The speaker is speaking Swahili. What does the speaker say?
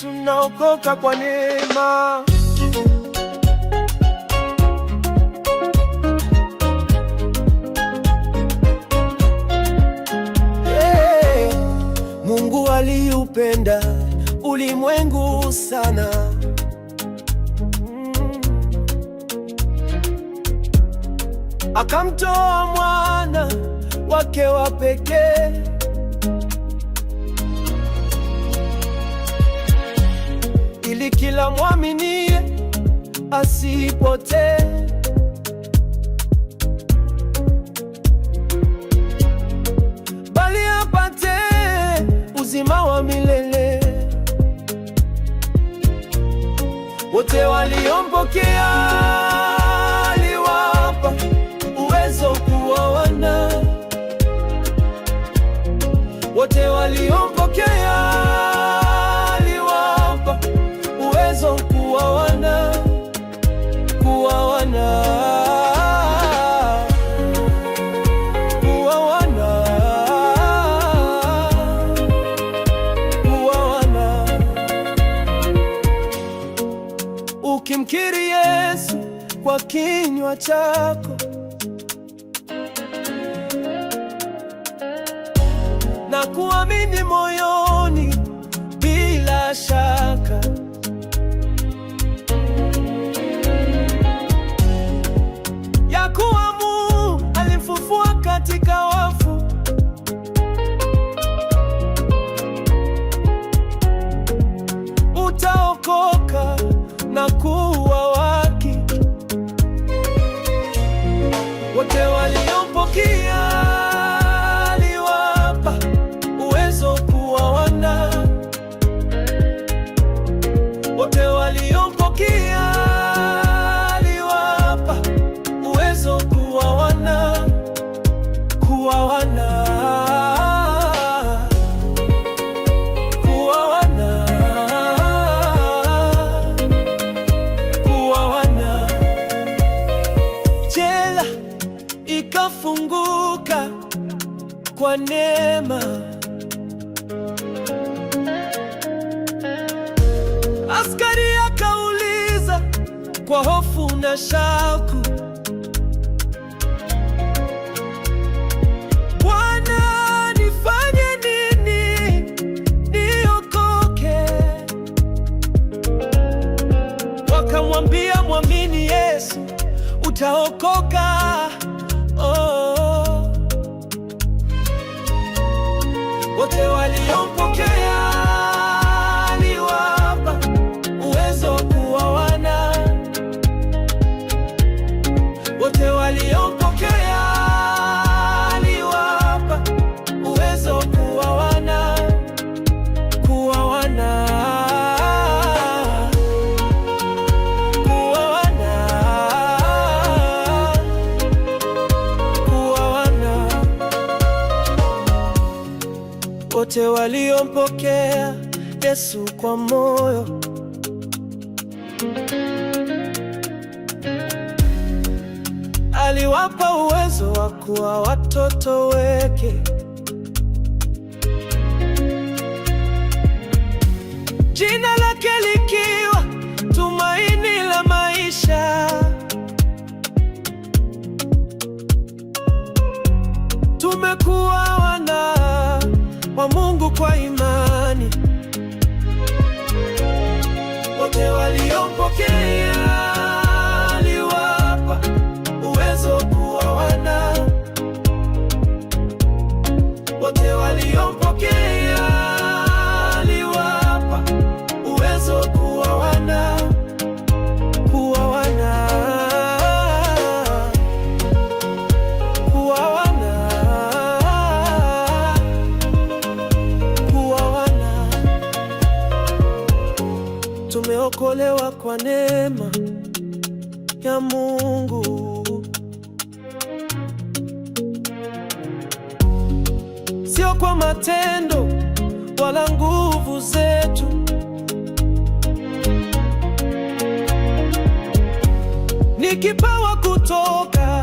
tunaokoka kwa neema. Mungu aliupenda ulimwengu sana akamtoa mwana wake wa pekee ili kila mwaminie asipotee. Bali apate uzima wa milele. Wote waliompokea aliwapa wana, wote walio kwa kinywa chako na kuamini moyoni bila shaka. waliompokea aliwapa uwezo kuwa wana, kuwa wana, kuwa wana, kuwa wana. Jela ikafunguka kwa neema Askari kwa hofu na shauku. Bwana, nifanye nini niokoke? Wakamwambia, mwamini Yesu utaokoka. Oh, wote walio waliompokea aliwapa uwezo kuwa wana, kuwa wana, kuwa wana, kuwa wana. Wote waliompokea Yesu kwa moyo aliwapa uwezo wa kuwa watoto wake. Jina lake likiwa tumaini la maisha. Tumekuwa wana wa Mungu kwa imani, wote waliompokea wote waliompokea aliwapa uwezo kuwa wana kuwa wana kuwa wana kuwa wana. Tumeokolewa kwa neema ya Mungu kwa matendo wala nguvu zetu. Ni kipawa kutoka